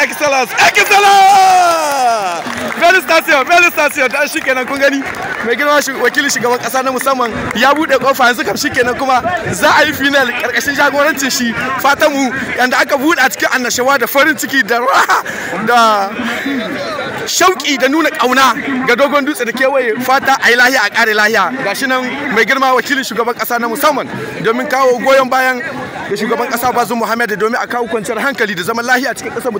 excellence excellence felicitation felicitation ta shikenan kun gani mai girma wakilin shugaban kasa na musamman ya bude kofa yanzu kam shikenan kuma za a yi final karkashin jagorancin shi fatan mu yanda aka bude a cikin annashawa da farin ciki da da shauki da nuna kauna ga dogon dutse da kewaye fata a yi lahiya a kare lahiya gashi nan mai girma wakilin shugaban kasa na musamman domin kawo goyon bayan da shugaban kasa bazu muhammad domin a kawo kwanciyar hankali da zaman lahiya cikin kasar